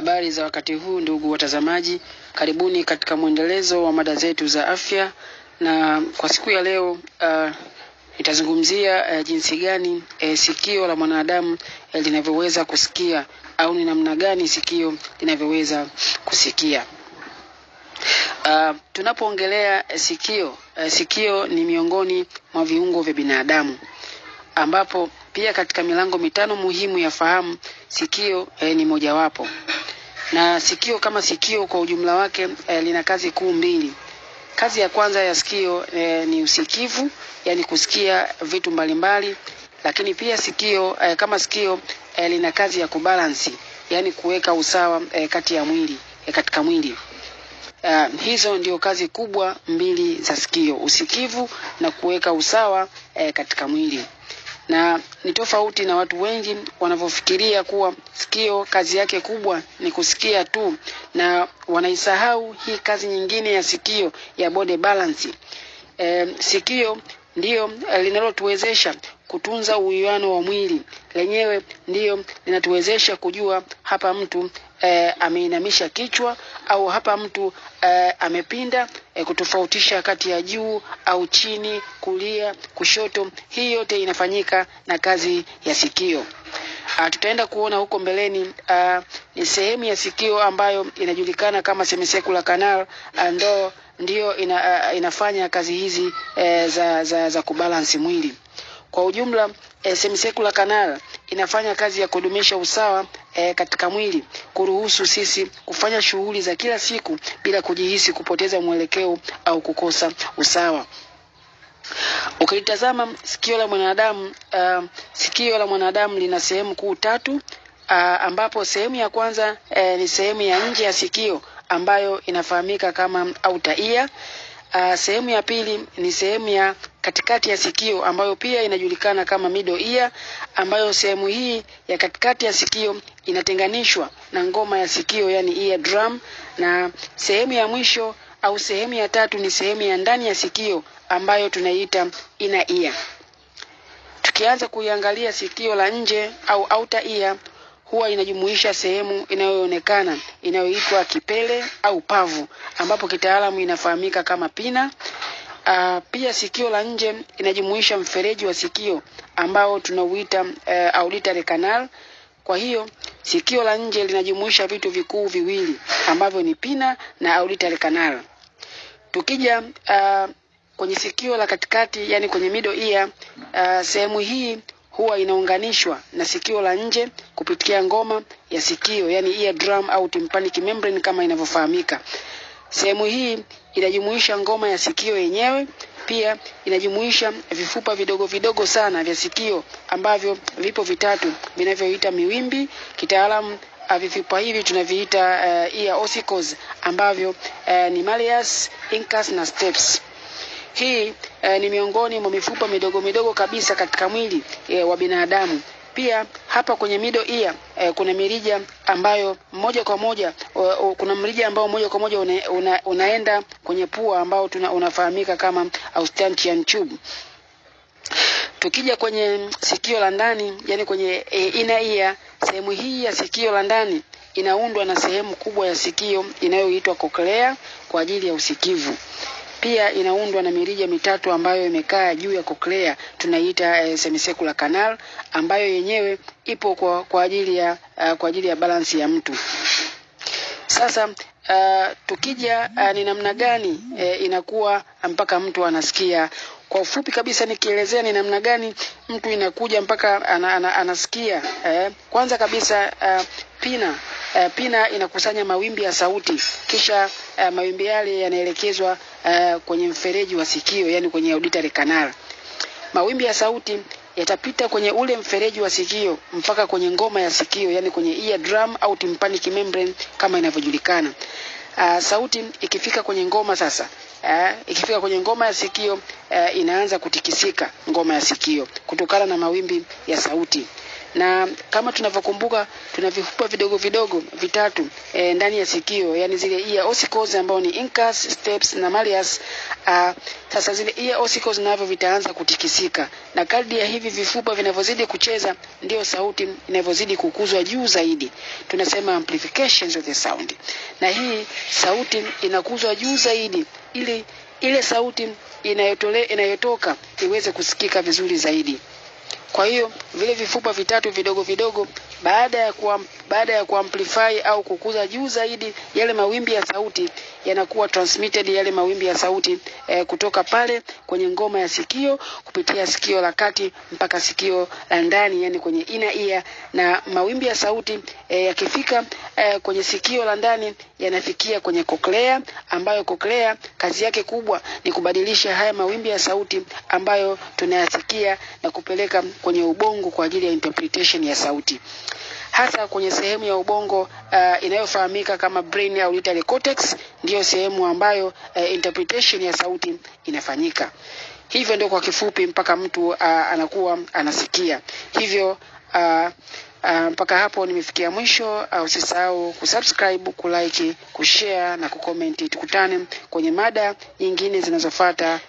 Habari za wakati huu ndugu watazamaji, karibuni katika mwendelezo wa mada zetu za afya, na kwa siku ya leo uh, itazungumzia uh, jinsi gani uh, sikio la mwanadamu uh, linavyoweza kusikia au ni namna gani sikio linavyoweza kusikia. Uh, tunapoongelea uh, sikio uh, sikio ni miongoni mwa viungo vya binadamu ambapo pia katika milango mitano muhimu ya fahamu sikio eh, ni mojawapo. Na sikio kama sikio kwa ujumla wake eh, lina kazi kuu mbili. Kazi ya kwanza ya sikio eh, ni usikivu, yani kusikia vitu mbalimbali, lakini pia sikio eh, kama sikio eh, lina kazi ya kubalansi, yani kuweka usawa eh, kati ya mwili eh, katika mwili. Uh, hizo ndio kazi kubwa mbili za sikio, usikivu na kuweka usawa eh, katika mwili na ni tofauti na watu wengi wanavyofikiria kuwa sikio kazi yake kubwa ni kusikia tu, na wanaisahau hii kazi nyingine ya sikio ya body balance. E, sikio ndiyo eh, linalotuwezesha kutunza uwiano wa mwili, lenyewe ndiyo linatuwezesha kujua hapa mtu e, ameinamisha kichwa au hapa mtu e, amepinda e, kutofautisha kati ya juu au chini, kulia, kushoto. Hii yote inafanyika na kazi ya sikio. A, ah, tutaenda kuona huko mbeleni a, ah, ni sehemu ya sikio ambayo inajulikana kama semicircular canal ah, ndio ndio ina, inafanya kazi hizi e, za, za, za kubalansi mwili kwa ujumla. E, semicircular canal inafanya kazi ya kudumisha usawa e, katika mwili kuruhusu sisi kufanya shughuli za kila siku bila kujihisi kupoteza mwelekeo au kukosa usawa. Ukilitazama sikio la mwanadamu uh, sikio la mwanadamu lina sehemu kuu tatu uh, ambapo sehemu ya kwanza eh, ni sehemu ya nje ya sikio ambayo inafahamika kama outer ear. Uh, sehemu ya pili ni sehemu ya katikati ya sikio ambayo pia inajulikana kama middle ear, ambayo sehemu hii ya katikati ya sikio inatenganishwa na ngoma ya sikio, yani ear drum, na sehemu ya mwisho au sehemu ya tatu ni sehemu ya ndani ya sikio ambayo tunaiita inner ear. Tukianza kuiangalia sikio la nje au outer ear, huwa inajumuisha sehemu inayoonekana inayoitwa kipele au pavu, ambapo kitaalamu inafahamika kama pina. Uh, pia sikio la nje inajumuisha mfereji wa sikio ambao tunauita uh, eh, auditory canal. Kwa hiyo sikio la nje linajumuisha vitu vikuu viwili ambavyo ni pina na auditory canal. Tukija uh, kwenye sikio la katikati, yani kwenye middle ear uh, sehemu hii huwa inaunganishwa na sikio la nje kupitia ngoma ya sikio, yani ear drum au tympanic membrane kama inavyofahamika. Sehemu hii inajumuisha ngoma ya sikio yenyewe, pia inajumuisha vifupa vidogo vidogo sana vya sikio ambavyo vipo vitatu vinavyoita miwimbi. Kitaalamu ah, vifupa hivi tunaviita uh, ear ossicles ambavyo uh, ni malleus, incus na steps. Hii eh, ni miongoni mwa mifupa midogo midogo kabisa katika mwili eh, wa binadamu. Pia hapa kwenye mido ia eh, kuna mirija ambayo moja kwa moja uh, uh, kuna mrija ambao moja kwa moja una, una, unaenda kwenye pua ambao tuna, unafahamika kama Eustachian tube. Tukija kwenye sikio la ndani, yani kwenye e, eh, ina ia, sehemu hii ya sikio la ndani inaundwa na sehemu kubwa ya sikio inayoitwa cochlea kwa ajili ya usikivu pia inaundwa na mirija mitatu ambayo imekaa juu ya koklea, tunaiita e, eh, semisekula canal ambayo yenyewe ipo kwa, kwa ajili ya uh, kwa ajili ya balansi ya mtu. Sasa uh, tukija uh, ni namna gani e, inakuwa mpaka mtu anasikia kwa ufupi kabisa nikielezea ni namna gani mtu inakuja mpaka ana, ana, anasikia eh. Kwanza kabisa uh, pina uh, pina inakusanya mawimbi ya sauti, kisha uh, mawimbi yale yanaelekezwa uh, kwenye mfereji wa sikio, yani kwenye auditory canal. Mawimbi ya sauti yatapita kwenye ule mfereji wa sikio mpaka kwenye ngoma ya sikio, yani kwenye ear drum au tympanic membrane kama inavyojulikana. Uh, sauti ikifika kwenye ngoma sasa Uh, ikifika kwenye ngoma ya sikio uh, inaanza kutikisika ngoma ya sikio kutokana na mawimbi ya sauti na kama tunavyokumbuka tuna vifupa vidogo vidogo vitatu e, ndani ya sikio, yani zile ear ossicles ambao ni incus, steps na malleus. Uh, sasa zile ear ossicles navyo vitaanza kutikisika, na kadri ya hivi vifupa vinavyozidi kucheza ndiyo sauti inavyozidi kukuzwa juu zaidi, tunasema amplifications of the sound, na hii sauti inakuzwa juu zaidi ili ile sauti inayotole inayotoka iweze kusikika vizuri zaidi. Kwa hiyo vile vifupa vitatu vidogo vidogo, baada ya kuam, baada ya kuamplify au kukuza juu zaidi yale mawimbi ya sauti yanakuwa transmitted yale mawimbi ya sauti eh, kutoka pale kwenye ngoma ya sikio kupitia sikio la kati mpaka sikio la ndani, yani kwenye ina ear, na mawimbi ya sauti eh, yakifika eh, kwenye sikio la ndani yanafikia kwenye cochlea, ambayo cochlea kazi yake kubwa ni kubadilisha haya mawimbi ya sauti ambayo tunayasikia na kupeleka kwenye ubongo kwa ajili ya interpretation ya sauti hasa kwenye sehemu ya ubongo uh, inayofahamika kama brain auditory cortex, ndiyo sehemu ambayo uh, interpretation ya sauti inafanyika. Hivyo ndio kwa kifupi mpaka mtu uh, anakuwa anasikia hivyo uh, Uh, mpaka hapo nimefikia mwisho. Uh, usisahau kusubscribe, kulike, kushare na kukomenti. Tukutane kwenye mada nyingine zinazofuata.